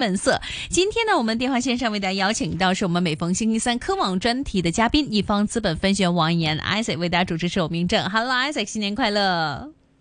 本色，今天呢，我們電話線上為大家邀請到是我們每逢星期三科網專題的嘉賓，一方資本分析員王逸研 Isaac 為大家主持，是我明正，哈嘍，Isaac，新年快樂。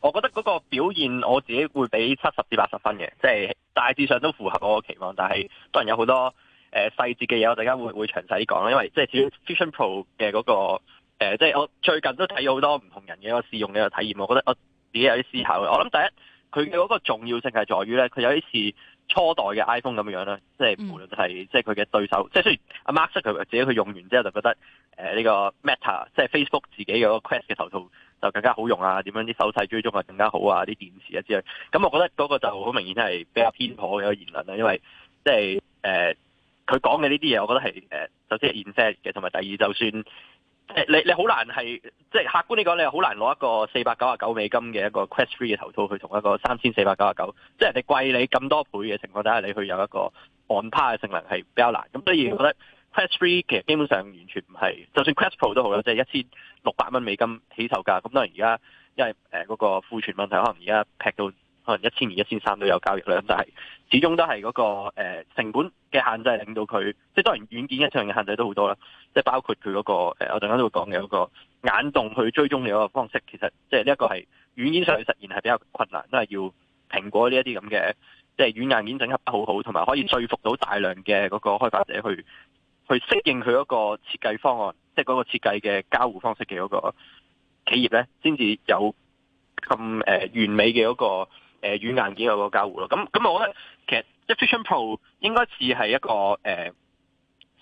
我覺得嗰個表現我自己會俾七十至八十分嘅，即、就、係、是、大致上都符合我嘅期望，但係當然有好多誒、呃、細節嘅嘢我陣間會會詳細講啦。因為即係至於 Vision Pro 嘅嗰、那個即係、呃就是、我最近都睇咗好多唔同人嘅一個試用嘅體驗，我覺得我自己有啲思考嘅。我諗第一，佢嘅嗰個重要性係在於咧，佢有啲似初代嘅 iPhone 咁樣啦，即、就、係、是、無論係即係佢嘅對手，即、就、係、是、雖然 Mark 佢自己佢用完之後就覺得誒呢、呃這個 Meta 即係 Facebook 自己嘅個 Quest 嘅頭套。就更加好用啊！點樣啲手勢追蹤啊更加好啊！啲電池啊之類，咁我覺得嗰個就好明顯係比較偏頗嘅一個言論啦、啊。因為即係誒，佢講嘅呢啲嘢，我覺得係誒，首先係 inference 嘅，同、呃、埋第二，就算、呃、你你好難係即係客觀嚟講，你好難攞一個四百九十九美金嘅一個 Quest Three 嘅頭套去同一個三千四百九十九，即係人哋貴你咁多倍嘅情況底下，你去有一個 on-par 嘅性能係比較難。咁所以我覺得。Quest 3其實基本上完全唔係，就算 Quest Pro 都好啦，即係一千六百蚊美金起售價。咁當然而家因為誒嗰個庫存問題，可能而家劈到可能一千二、一千三都有交易量，但係始終都係嗰個誒成本嘅限制，令到佢即係當然軟件嘅上嘅限制都好多啦。即係包括佢嗰個誒我陣間都會講嘅嗰個眼動去追蹤嘅嗰個方式，其實即係呢一個係軟件上去實現係比較困難，都係要蘋果呢一啲咁嘅即係軟硬件整合得好好，同埋可以説服到大量嘅嗰個開發者去。去適應佢嗰個設計方案，即係嗰個設計嘅交互方式嘅嗰個企業呢，先至有咁誒完美嘅嗰個誒軟硬件嗰個交互咯。咁咁我覺得其實 Vision Pro 應該似係一個、呃、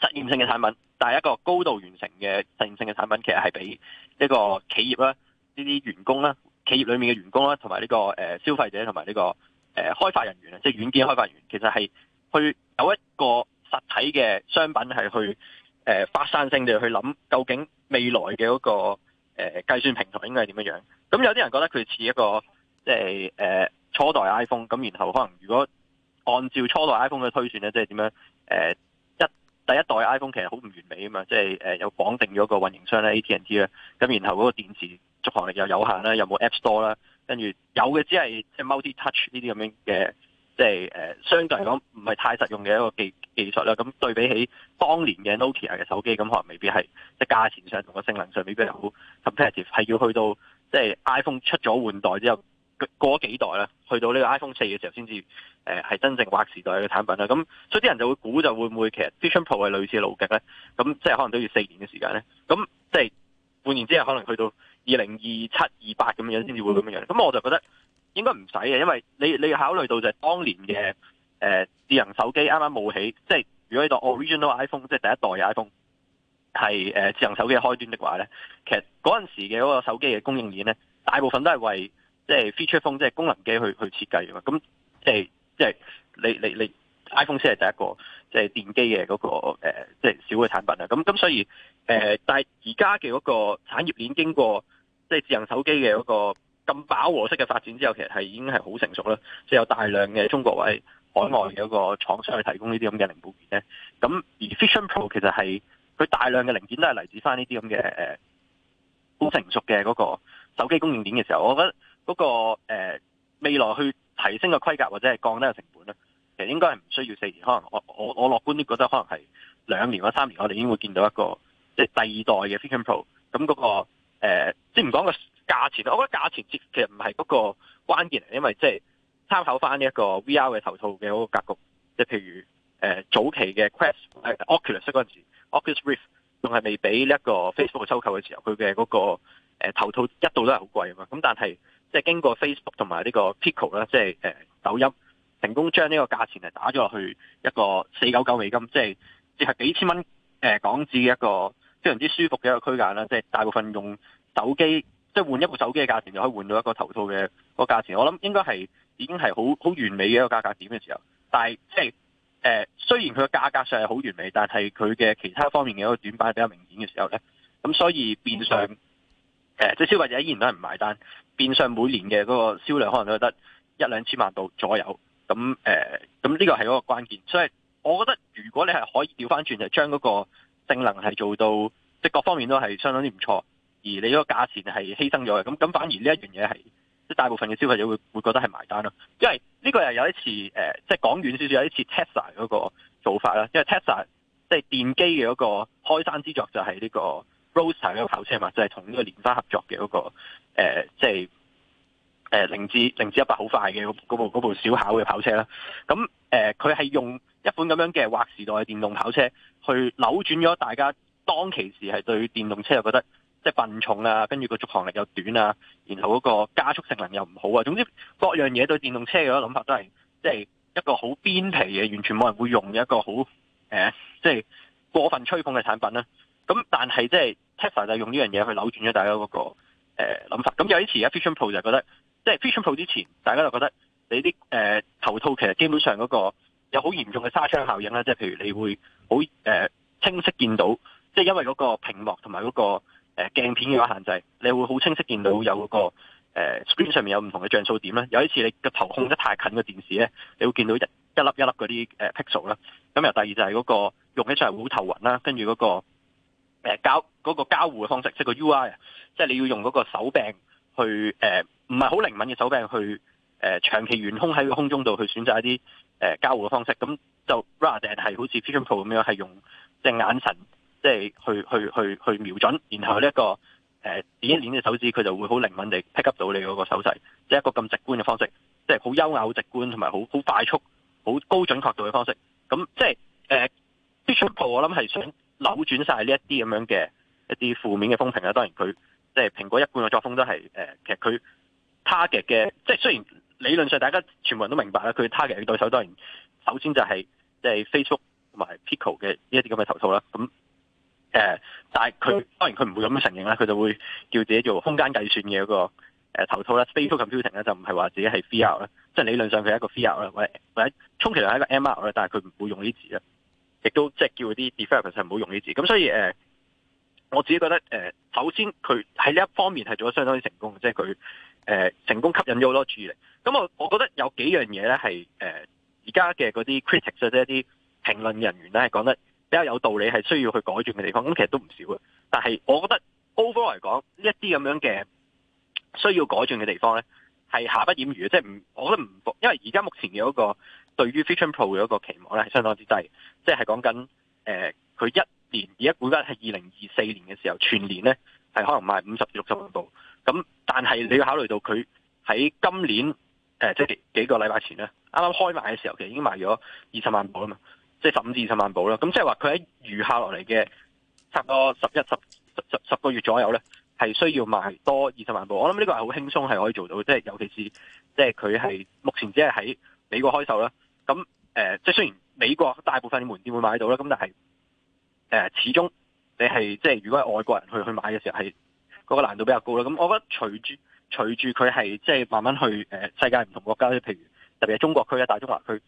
實驗性嘅產品，但係一個高度完成嘅實驗性嘅產品，其實係俾呢個企業啦、呢啲員工啦、企業裏面嘅員工啦，同埋呢個消費者同埋呢個開發人員啊，即係軟件開發人員，其實係去有一個。實體嘅商品係去誒發散性地去諗，究竟未來嘅嗰個誒計算平台應該係點樣？咁有啲人覺得佢似一個即係誒初代 iPhone，咁然後可能如果按照初代 iPhone 嘅推算咧，即係點樣誒一第一代 iPhone 其實好唔完美啊嘛，即係誒有綁定咗個運營商咧 AT&T 咁然後嗰個電池續航力又有,有限啦，有冇 App Store 啦，跟住有嘅只係即係 Multi Touch 呢啲咁樣嘅。即係誒，相對嚟講唔係太實用嘅一個技技術啦。咁對比起當年嘅 Nokia、ok、嘅手機，咁可能未必係即係價錢上同個性能上未必係好 competitive。係要去到即係、就是、iPhone 出咗換代之後，過咗幾代啦去到呢個 iPhone 四嘅時候，先至係真正劃時代嘅產品啦。咁所以啲人就會估就會唔會其實 Vision Pro 係類似嘅路徑咧？咁即係可能都要四年嘅時間咧。咁即係換言之，後可能去到二零二七、二八咁樣先至會咁樣。咁我就覺得。應該唔使嘅，因為你你要考慮到就係當年嘅誒智能手機啱啱冒起，即係如果當 original iPhone 即係第一代嘅 iPhone 係誒智能手機嘅開端的話咧，其實嗰陣時嘅嗰個手機嘅供應鏈咧，大部分都係為即係 feature phone 即係功能機去去設計嘅嘛，咁即係即係你你你 iPhone 先係第一個即係電機嘅嗰個即係小嘅產品啊，咁咁所以誒，但係而家嘅嗰個產業鏈經過即係智能手機嘅嗰個。咁飽和式嘅發展之後，其實係已經係好成熟啦，即係有大量嘅中國或海外嘅一個廠商去提供呢啲咁嘅零部件咧。咁而 Vision Pro 其實係佢大量嘅零件都係嚟自翻呢啲咁嘅好成熟嘅嗰個手機供應鏈嘅時候，我覺得嗰、那個、呃、未來去提升嘅規格或者係降低嘅成本咧，其實應該係唔需要四年，可能我我我樂觀啲覺得可能係兩年或三年，我哋已經會見到一個即係、就是、第二代嘅 Vision Pro。咁嗰個即係唔講個，呃價錢，我覺得價錢其實唔係嗰個關鍵嚟，因為即係參考翻呢一個 VR 嘅頭套嘅嗰個格局，即係譬如、呃、早期嘅 Quest 係、呃、Oculus 嗰陣時，Oculus Rift 仲係未俾呢一個 Facebook 收購嘅時候，佢嘅嗰個、那個呃、頭套一度都係好貴啊。咁但係即係經過 Facebook 同埋呢個 Pico 啦、就是，即係誒抖音成功將呢個價錢係打咗落去一個四九九美金，即係即係幾千蚊港紙嘅一個非常之舒服嘅一個區間啦。即、就、係、是、大部分用手機。即係換一部手機嘅價錢就可以換到一個頭套嘅個價錢，我諗應該係已經係好好完美嘅一個價格點嘅時候。但係即係誒，雖然佢嘅價格上係好完美，但係佢嘅其他方面嘅一個短板係比較明顯嘅時候咧，咁所以變相誒，即係消費者依然都係唔買單，變相每年嘅嗰個銷量可能都得一兩千萬度左右。咁誒，咁呢個係一個關鍵。所以我覺得如果你係可以調翻轉，就將嗰個性能係做到，即係各方面都係相當之唔錯。而你嗰個價錢係犧牲咗嘅，咁咁反而呢一樣嘢係，即係大部分嘅消費者會會覺得係埋單咯，因為呢個又有一次誒，即係講遠少少有一次 Tesla 嗰個做法啦，因為 Tesla 即係電機嘅嗰個開山之作就係呢個 Roadster 嗰個跑車嘛，就係同呢個蓮花合作嘅嗰、誒即係零至零至一百好快嘅嗰部嗰部小巧嘅跑車啦。咁誒，佢、呃、係用一款咁樣嘅劃時代嘅電動跑車去扭轉咗大家當其時係對電動車又覺得。即係笨重啊，跟住個續航力又短啊，然後嗰個加速性能又唔好啊，總之各樣嘢對電動車嘅諗法都係即係一個好邊皮嘅，完全冇人會用嘅一個好誒即係過分吹捧嘅產品啦、啊。咁但係即係 Tesla 就，是就用呢樣嘢去扭轉咗大家嗰、那個誒諗、呃、法。咁有啲似啊，Vision Pro 就覺得，即、就、係、是、Vision Pro 之前大家就覺得你啲誒、呃、頭套其實基本上嗰個有好嚴重嘅沙窗效應啦、啊，即、就、係、是、譬如你會好誒、呃、清晰見到，即、就、係、是、因為嗰個屏幕同埋嗰個。誒鏡片嘅話限制，你會好清晰見到有個 screen 上面有唔同嘅像素點。有一次你個頭控得太近嘅電視咧，你會見到一一粒一粒嗰啲 pixel 啦。咁又第二就係嗰個用起上嚟會好頭暈啦，跟住嗰個交嗰、嗰個交互嘅方式，即係個 UI 啊，即係你要用嗰個手柄去誒，唔係好靈敏嘅手柄去誒長期懸空喺個空中度去選擇一啲誒交互嘅方式，咁就 rather 係好似 Vision Pro 咁樣，係用隻眼神。即係去去去去瞄準，然後呢、這個呃、一個誒，點一點嘅手指，佢就會好靈敏地 pick up 到你嗰個手勢，即係一個咁直觀嘅方式，即係好優雅、好直觀，同埋好好快速、好高準確度嘅方式。咁、嗯、即係誒 Apple 我諗係想扭轉晒呢一啲咁樣嘅一啲負面嘅風評啦。當然佢即係蘋果一貫嘅作風都係、呃、其實佢 target 嘅，即係雖然理論上大家全部人都明白啦，佢 target 嘅對手當然首先就係、是、即係 Facebook 同埋 Pico 嘅呢一啲咁嘅投訴啦。咁、嗯誒、呃，但係佢當然佢唔會咁樣承認啦，佢就會叫自己做空間計算嘅嗰、那個、呃、頭套啦 spatial computing 咧就唔係話自己係 VR 啦即係理論上佢係一個 VR 啦或者,或者充其量係一個 MR 啦但係佢唔會用呢啲字啦亦都即係叫啲 developer 係唔好用呢啲字。咁所以誒、呃，我自己覺得誒、呃，首先佢喺呢一方面係做得相當之成功即係佢誒成功吸引咗好多注意力。咁我我覺得有幾樣嘢咧係誒而、呃、家嘅嗰啲 critics 即係一啲評論人員咧講得。而家有道理係需要去改進嘅地方，咁其實都唔少嘅。但係我覺得 overall 嚟講，呢一啲咁樣嘅需要改進嘅地方咧，係瑕不掩瑜，即係唔，我覺得唔因為而家目前嘅嗰、嗰個對於 Vision Pro 嘅一個期望咧係相當之低，即係講緊誒，佢、呃、一年而家估計係二零二四年嘅時候，全年咧係可能賣五十至六十萬部。咁但係你要考慮到佢喺今年誒即係幾個禮拜前咧，啱啱開賣嘅時候其實已經賣咗二十萬部啦嘛。即係十五至二十萬部啦，咁即係話佢喺餘下落嚟嘅差唔多十一十十十十個月左右咧，係需要賣多二十萬部。我諗呢個係好輕鬆係可以做到，即係尤其是即係佢係目前只係喺美國開售啦。咁、呃、即係雖然美國大部分門店會買到啦，咁但係誒、呃，始終你係即係如果係外國人去去買嘅時候，係嗰個難度比較高啦。咁我覺得隨住隨住佢係即係慢慢去、呃、世界唔同國家，譬如特別係中國區啊、大中華區，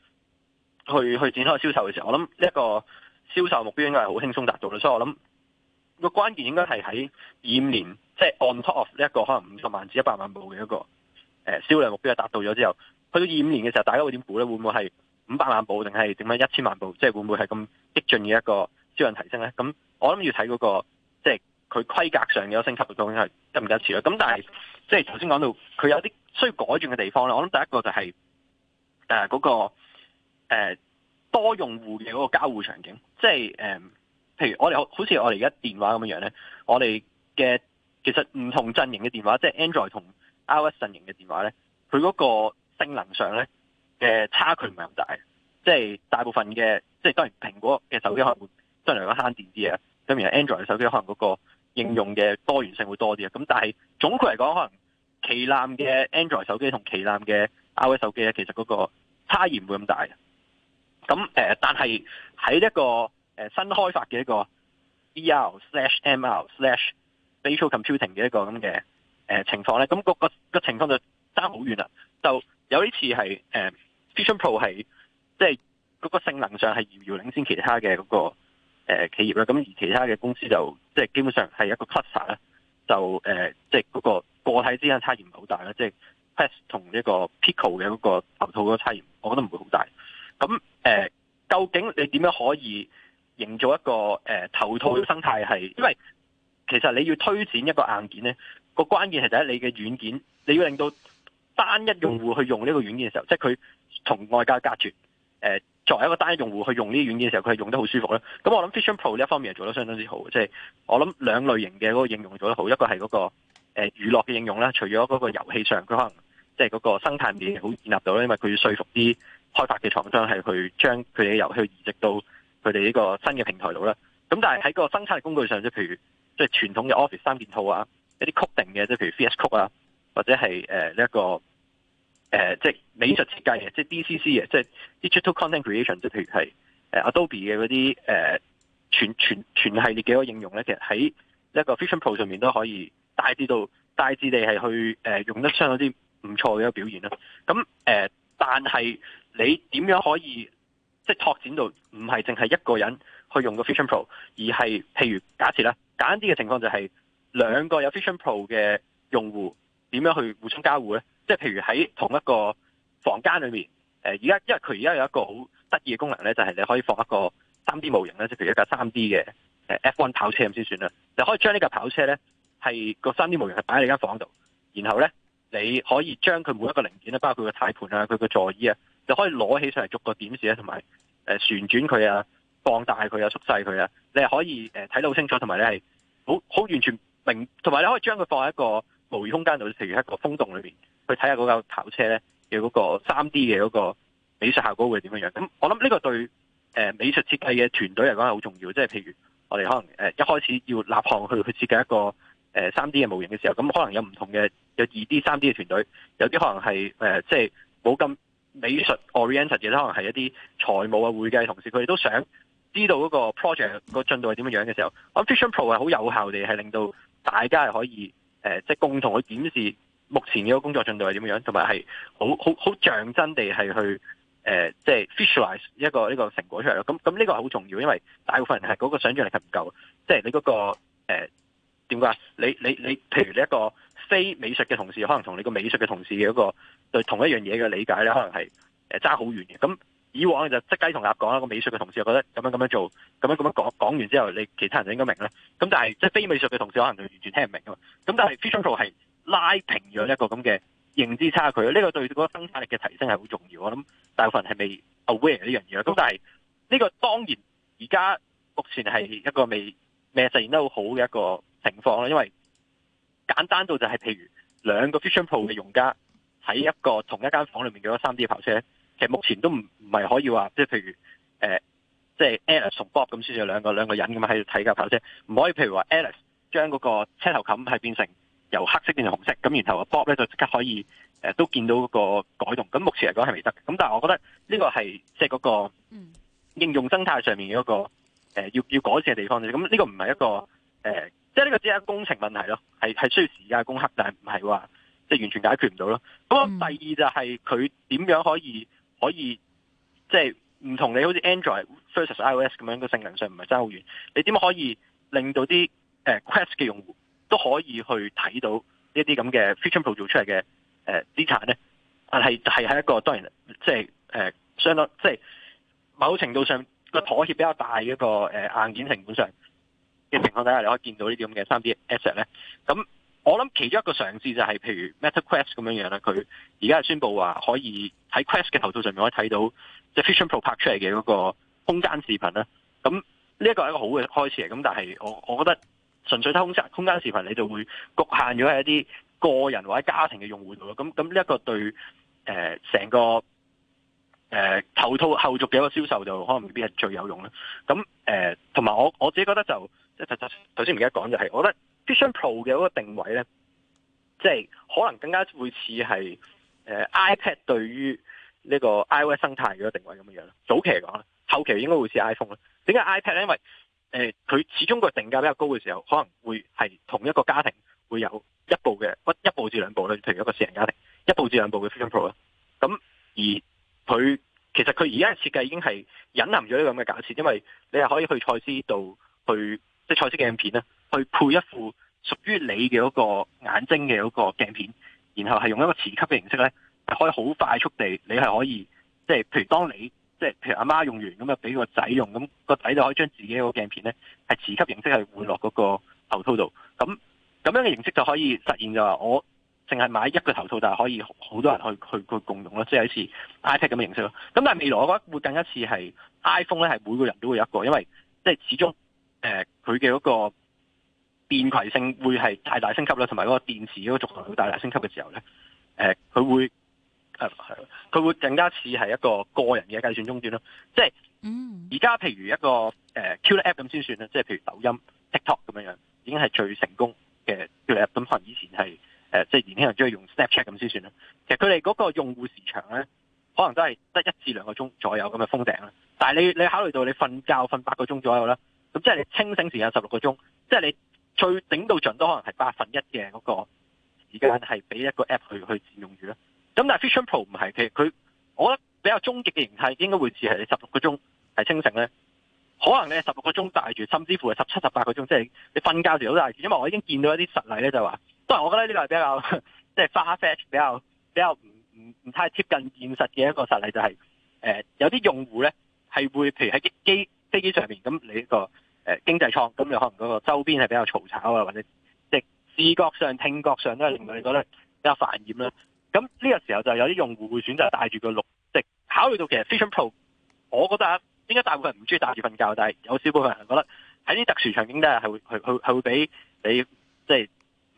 去去展開銷售嘅時候，我諗呢一個銷售目標應該係好輕鬆達到啦。所以我諗個關鍵應該係喺二五年，即係 on top of 呢一個可能五十萬至一百萬部嘅一個誒銷量目標係達到咗之後，去到二五年嘅時候，大家會點估咧？會唔會係五百萬部，定係點樣一千萬部？即係會唔會係咁激進嘅一個銷量提升咧？咁我諗要睇嗰個即係佢規格上嘅升級究竟係得唔得？似咧？咁但係即係頭先講到佢有啲需要改進嘅地方咧，我諗第一個就係誒嗰個。誒，多用戶嘅嗰個交互場景，即係誒，譬如我哋好似我哋而家電話咁樣樣咧，我哋嘅其實唔同陣營嘅電話，即係 Android 同 iOS 陣營嘅電話咧，佢嗰個性能上咧嘅差距唔係咁大，即係大部分嘅，即係當然蘋果嘅手機可能相對嚟講慳電啲嘢。咁而係 Android 嘅手機可能嗰個應用嘅多元性會多啲啊，咁但係總括嚟講，可能旗艦嘅 Android 手機同旗艦嘅 iOS 手機咧，其實嗰個差異唔會咁大。咁誒、嗯，但係喺一個誒新開發嘅一個 e r slash M.L. slash Spatial Computing 嘅一個咁嘅誒情況咧，咁、那個、那個情況就爭好遠啦。就有啲似係誒 V、嗯、ision Pro 係即係嗰個性能上係遙遙領先其他嘅嗰個企業啦。咁而其他嘅公司就即係、就是、基本上係一個 cluster 咧、呃，就誒即係嗰個個體之間差異唔係好大啦。即、就、係、是、p r e s s 同呢個 Pico 嘅嗰個頭套嗰個差異，我覺得唔會好大。咁誒、呃，究竟你點樣可以營造一個誒、呃、頭套嘅生態系？係因為其實你要推展一個硬件咧，嗰個關鍵係第一你嘅軟件，你要令到單一用戶去用呢個軟件嘅時候，即係佢同外界隔絕。誒、呃，作為一個單一用戶去用呢啲軟件嘅時候，佢係用得好舒服咧。咁我諗 Vision Pro 呢一方面係做得相當之好，即、就、係、是、我諗兩類型嘅嗰個應用做得好，一個係嗰、嗰個誒、呃、娛樂嘅應用啦。除咗嗰個遊戲上，佢可能即係嗰個生態面好建立到咧，因為佢要說服啲。開發嘅廠商係去將佢哋嘅遊戲移植到佢哋呢個新嘅平台度啦。咁但係喺個生產工具上，即譬如即係傳統嘅 Office 三件套啊，一啲 Coding 嘅，即譬如 VS Code 啊，或者係呢一個即、啊、係美術設計嘅，即係 DCC 嘅、啊，即係 Digital Content Creation，即譬如係 Adobe 嘅嗰啲誒、啊、全全全系列嘅個應用咧，其實喺一個 Vision Pro 上面都可以大致到大致地係去、啊、用得相當之唔錯嘅一個表現啦。咁誒。但係你點樣可以即係拓展到唔係淨係一個人去用個 Vision Pro，而係譬如假設啦簡單啲嘅情況就係兩個有 Vision Pro 嘅用戶點樣去互相交互呢？即係譬如喺同一個房間裏面，誒而家因為佢而家有一個好得意嘅功能呢就係、是、你可以放一個 3D 模型呢，即係譬如一架 3D 嘅 F1 跑車咁先算啦。你可以將呢架跑車呢，係個 3D 模型係擺喺你間房度，然後呢。你可以將佢每一個零件咧，包括佢個軚盤啊、佢個座椅啊，就可以攞起上嚟逐個點視咧，同埋誒旋轉佢啊、放大佢啊、縮細佢啊，你係可以誒睇到好清楚，同埋你係好好完全明，同埋你可以將佢放喺一個模擬空間度，譬如一個風洞裏面，去睇下嗰架跑車咧嘅嗰個三 D 嘅嗰個美術效果會點樣樣。咁我諗呢個對誒、呃、美術設計嘅團隊嚟講係好重要，即、就、係、是、譬如我哋可能誒、呃、一開始要立項去去設計一個，誒三、呃、D 嘅模型嘅時候，咁可能有唔同嘅有二 D、三 D 嘅團隊，有啲可能係誒，即係冇咁美術 oriented 嘅，可能係一啲財務啊、會計同事，佢哋都想知道嗰個 project 個進度係點樣嘅時候，嗯、Vision Pro 係好有效地係令到大家係可以誒，即、呃、係、就是、共同去檢視目前嘅工作進度係點樣同埋係好好好象真地係去誒，即、呃、係、就是、visualise 一個呢、這個成果出嚟咯。咁咁呢個係好重要，因為大部分人係嗰個想像力係唔夠，即、就、係、是、你嗰、那個、呃你你你，譬如你一個非美術嘅同事，可能同你個美術嘅同事嘅一個對同一樣嘢嘅理解咧，可能係誒差好遠嘅。咁、嗯、以往就即雞同鴨講，一個美術嘅同事我覺得咁樣咁樣做，咁樣咁樣講，講完之後，你其他人就應該明啦。咁、嗯、但係即非美術嘅同事可能就完全聽唔明啊嘛。咁、嗯、但係 Fusion tool 係拉平咗一個咁嘅認知差距，呢、呢個對嗰生產力嘅提升係好重要。我諗大部分係未 aware 呢樣嘢。咁、嗯、但係呢、呢個當然而家目前係一個未。咩實現得好好嘅一個情況啦，因為簡單到就係譬如兩個 Vision Pro 嘅用家喺一個同一間房裏面嘅嗰三 D 跑車，其實目前都唔唔係可以話即係譬如即係 Alice 同 Bob 咁先至兩個兩個人咁喺度睇架跑車，唔可以譬如話 Alice 將嗰個車頭冚係變成由黑色變成紅色，咁然後 Bob 咧就即刻可以、呃、都見到嗰個改動。咁目前嚟講係未得。咁但係我覺得呢個係即係嗰個應用生態上面嘅一個。誒要要改善嘅地方咁呢個唔係一個誒，即係呢個只係工程問題咯，係係需要時間攻克，但係唔係話即係完全解決唔到咯。咁第二就係佢點樣可以可以即係唔同你好似 Android versus iOS 咁樣嘅性能上唔係差好遠，你點樣可以令到啲誒、呃、Quest 嘅用戶都可以去睇到呢啲咁嘅 feature 構造出嚟嘅誒資產咧？但係係喺一個當然即係誒相當即係、就是、某程度上，個妥協比較大嘅一個誒硬件成本上嘅情況底下，你可以見到呢啲咁嘅 3D asset 咧。咁我諗其中一個嘗試就係譬如 Meta Quest 咁樣樣啦，佢而家係宣布話可以喺 Quest 嘅頭套上面可以睇到即係 Vision Pro 拍出嚟嘅嗰個空間視頻啦。咁呢一個係一個好嘅開始嚟，咁但係我我覺得純粹睇空間空間視頻，你就會局限咗喺一啲個人或者家庭嘅用戶度咯。咁咁呢一個對誒成、呃、個。誒、呃、頭套後續嘅一個銷售就可能未必係最有用啦。咁誒同埋我我自己覺得就即係頭先唔記得講就係、是，我覺得 Vision Pro 嘅嗰個定位咧，即、就、係、是、可能更加會似係、呃、iPad 對於呢個 iOS 生態嘅定位咁樣。早期嚟講啦，後期應該會似 iPhone 啦。點解 iPad 咧？因為誒佢、呃、始終個定價比較高嘅時候，可能會係同一個家庭會有一部嘅一部至兩部啦。譬如一個私人家庭，一部至兩部嘅 Vision Pro 啦。咁而。佢其實佢而家嘅設計已經係引含咗呢個咁嘅假設，因為你係可以去蔡司度去，即係蔡司鏡片咧，去配一副屬於你嘅嗰個眼睛嘅嗰個鏡片，然後係用一個磁吸嘅形式咧，可以好快速地，你係可以即係譬如當你即係譬如阿媽，媽用完咁啊，俾個仔用，咁個仔就可以將自己個鏡片咧係磁吸形式係換落嗰個頭套度，咁咁樣嘅形式就可以實現就話我。淨係買一個頭套就係可以好多人去去去共用咯，即係好似 iPad 咁嘅形式咯。咁但係未來我覺得會更加似係 iPhone 咧，係每個人都會有一個，因為即係始終誒佢嘅嗰個便攜性會係大大升級啦，同埋嗰個電池嗰個續航會大大升級嘅時候咧，誒佢會誒係佢會更加似係一個個人嘅計算終端咯。即係而家譬如一個誒 Q，呢 app 咁先算啦，即係譬如抖音、TikTok 咁樣樣，已經係最成功嘅 app，咁可能以前係。誒，即係年輕人中意用 Snapchat 咁先算啦。其實佢哋嗰個用戶時長咧，可能都係得一至兩個鐘左右咁嘅封頂啦。但係你你考慮到你瞓覺瞓八個鐘左右啦，咁即係你清醒時間十六個鐘，即係你最頂到盡都可能係百分一嘅嗰個時間係俾一個 app 去去佔用住啦。咁但係 Vision Pro 唔係，其實佢我覺得比較終極嘅形態應該會係你十六個鐘係清醒咧，可能你十六個鐘戴住，甚至乎係十七、十八個鐘，即係你瞓覺時都戴住，因為我已經見到一啲實例咧，就係話。都係，但我覺得呢個係比較即係 far fetch 比較比較唔唔唔太貼近現實嘅一個實例，就是，就係誒有啲用戶咧係會，譬如喺機，機機飛機上面，咁、這個，你、呃、個經濟艙咁，你可能嗰個周邊係比較嘈吵啊，或者即係、就是、視覺上、聽覺上都係令到你覺得比較煩厭啦。咁呢個時候就有啲用戶會選擇戴住個綠，即、就、係、是、考慮到其實 Vision Pro，我覺得應該大部分唔中意戴住瞓覺，但係有少部分人覺得喺啲特殊場景底下係會係係會俾你即係。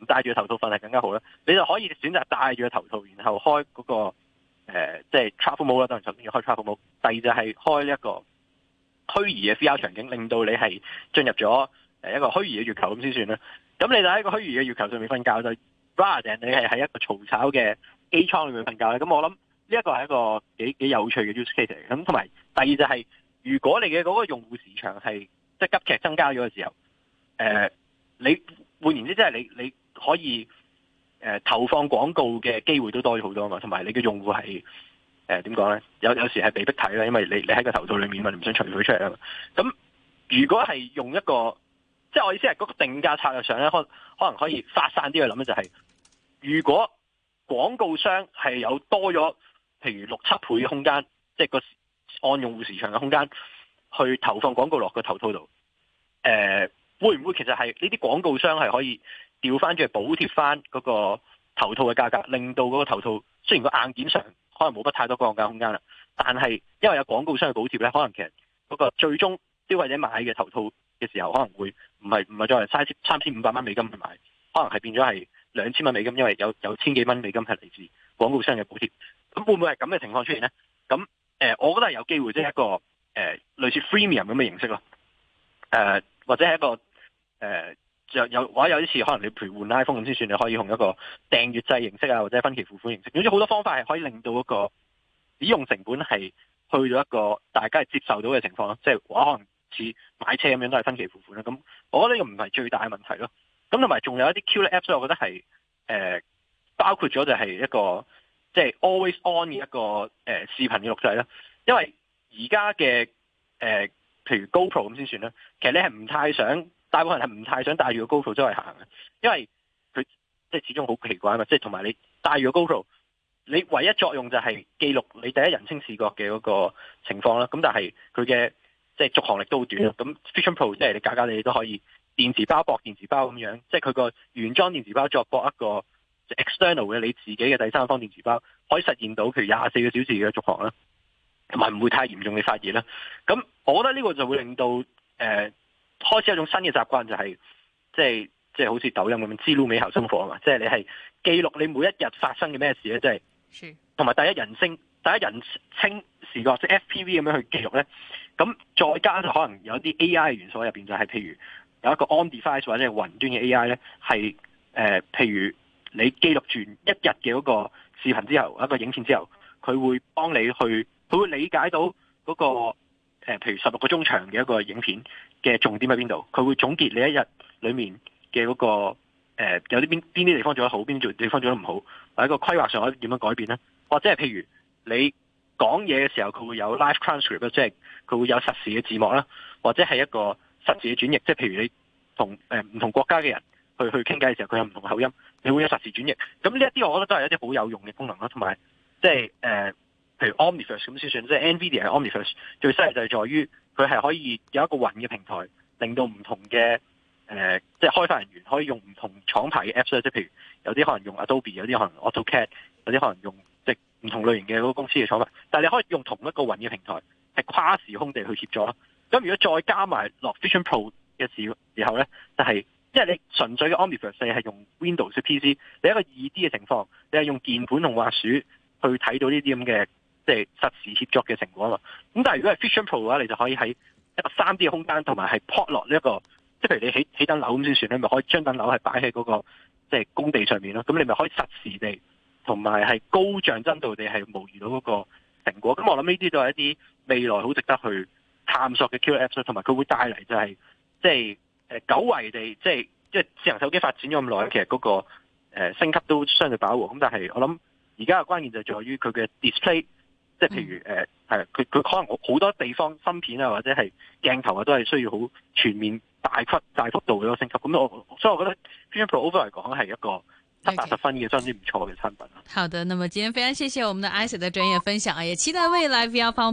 戴住頭套瞓係更加好咧，你就可以選擇戴住個頭套，然後開嗰、那個即係 travel 服務啦。當然首先要開 travel 服務，第二就係開一個虛擬嘅 VR 場景，令到你係進入咗一個虛擬嘅月球咁先算啦。咁你就喺一個虛擬嘅月球上面瞓覺，就 rather 你係喺一個嘈吵嘅機艙裏面瞓覺。咁我諗呢一個係一個幾幾有趣嘅 use case 嚟嘅。咁同埋第二就係、是，如果你嘅嗰個用戶時長係即係急劇增加咗嘅時候，誒、呃，你換言之即係你。你可以、呃、投放廣告嘅機會都多咗好多嘛，同埋你嘅用戶係誒點講咧？有有時係被逼睇啦，因為你你喺個頭套裏面，你唔想除佢出嚟啊嘛。咁如果係用一個，即係我意思係嗰、嗰個定價策略上咧，可可能可以發散啲去諗咧、就係，就係如果廣告商係有多咗，譬如六七倍嘅空間，即、就、係、是、個按用戶時長嘅空間去投放廣告落個頭套度，誒、呃、會唔會其實係呢啲廣告商係可以，調翻轉去補貼翻嗰個頭套嘅價格，令到嗰個頭套雖然個硬件上可能冇乜太多降價空間啦，但係因為有廣告商嘅補貼咧，可能其實嗰個最終消費者買嘅頭套嘅時候，可能會唔係唔係再係三千五百蚊美金去買，可能係變咗係兩千蚊美金，因為有有千幾蚊美金係嚟自廣告商嘅補貼。咁會唔會係咁嘅情況出現咧？咁誒、呃，我覺得係有機會即係一個誒、呃、類似 Freemium 咁嘅形式咯。誒、呃，或者係一個誒。呃就有或者有啲事可能你譬如換 iPhone 咁先算，你可以用一個訂閱制形式啊，或者分期付款形式，總之好多方法係可以令到一個使用成本係去到一個大家係接受到嘅情況咯。即係話可能似買車咁樣都係分期付款啦。咁我覺得呢個唔係最大嘅問題咯。咁同埋仲有一啲 Q 嚟 Apps，我覺得係誒、呃、包括咗就係一個即係、就是、always on 嘅一個誒、呃、視頻嘅錄製啦。因為而家嘅誒譬如 GoPro 咁先算啦，其實你係唔太想。大部分人係唔太想帶住個 GoPro 周圍行嘅，因為佢即係始終好奇怪啊嘛！即係同埋你帶住個 GoPro 你唯一作用就係記錄你第一人稱視覺嘅嗰個情況啦。咁但係佢嘅即係續航力都好短咯。咁、嗯、Vision Pro 即係你假假哋都可以電池包駁電池包咁樣，即係佢個原裝電池包作駁一個 external 嘅你自己嘅第三方電池包，可以實現到譬如廿四個小時嘅續航啦，同埋唔會太嚴重嘅發熱啦。咁我覺得呢個就會令到誒。呃開始一種新嘅習慣，就係即係即係好似抖音咁樣，記錄美好生活啊嘛。即係你係記錄你每一日發生嘅咩事咧，即係同埋第一人稱、第一人稱視角，即係 F P V 咁樣去記錄咧。咁再加上就可能有啲 A I 元素喺入邊，就係譬如有一個 on device 或者是雲端嘅 A I 咧，係誒、呃，譬如你記錄住一日嘅嗰個視頻之後，一個影片之後，佢會幫你去，佢會理解到嗰個。誒、呃，譬如十六個鐘長嘅一個影片嘅重點喺邊度？佢會總結你一日裏面嘅嗰、嗰個、呃、有啲邊邊啲地方做得好，邊啲地方做得唔好，或者個規劃上可以點樣改變呢？或者係譬如你講嘢嘅時候，佢會有 live transcript 啦，即係佢會有實時嘅字幕啦，或者係一個實時嘅轉譯，即係譬如你同誒唔同國家嘅人去去傾偈嘅時候，佢有唔同口音，你會有實時轉譯。咁呢一啲我覺得都係一啲好有用嘅功能啦，同埋即係誒。呃譬如 Omniverse 咁先算，即係 NVIDIA 嘅 Omniverse 最犀利就係在於佢係可以有一個雲嘅平台，令到唔同嘅誒，即係開發人員可以用唔同廠牌嘅 Apps，即係譬如有啲可能用 Adobe，有啲可能 AutoCAD，有啲可能用即係唔同類型嘅嗰個公司嘅廠牌。但係你可以用同一個雲嘅平台，係跨時空地去協助咯。咁如果再加埋落 Vision Pro 嘅時候咧，就係即係你純粹嘅 Omniverse 你係用 Windows PC，你一個二 D 嘅情況，你係用鍵盤同滑鼠去睇到呢啲咁嘅。.即係實時協作嘅成果咯。咁但係如果係 Vision Pro 嘅話，這個，你就可以喺一個三 D 嘅空間，同埋係 plot 落呢一個，即係譬如你起起棟樓咁先算，你咪可以將棟樓係擺喺嗰個即係工地上面咯。咁你咪可以實時地同埋係高像真度地係模擬到嗰個成果。咁我諗呢啲都係一啲未來好值得去探索嘅 Q&A，同埋佢會帶嚟就係即係誒久違地，即係即係智能手機發展咗咁耐，其實嗰、嗰個、呃、升級都相對飽和。咁但係我諗而家嘅關鍵就係在於佢嘅 display。即係譬如誒係，佢、呃、佢可能好多地方芯片啊，或者係鏡頭啊，都係需要好全面大幅大幅度嘅一個升級。咁我所以，我覺得 Vision Pro Overall 嚟講係一個七八十分嘅 Okay. 相對唔錯嘅產品啊，好的，那麼今天非常謝謝我們的 i Sir 嘅專業分享啊，也期待未來 Vision Pro